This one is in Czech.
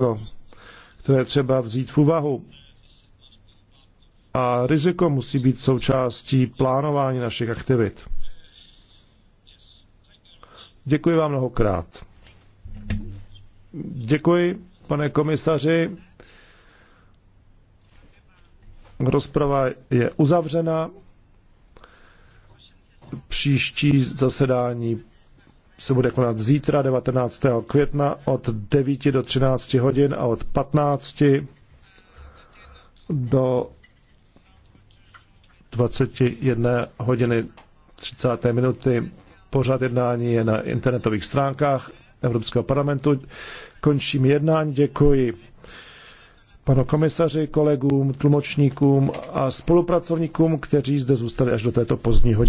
No, které třeba vzít v úvahu. A riziko musí být součástí plánování našich aktivit. Děkuji vám mnohokrát. Děkuji, pane komisaři. Rozprava je uzavřena. Příští zasedání se bude konat zítra 19. května od 9 do 13 hodin a od 15 do 21 hodiny 30. minuty. Pořád jednání je na internetových stránkách Evropského parlamentu. Končím jednání, děkuji panu komisaři, kolegům, tlumočníkům a spolupracovníkům, kteří zde zůstali až do této pozdní hodiny.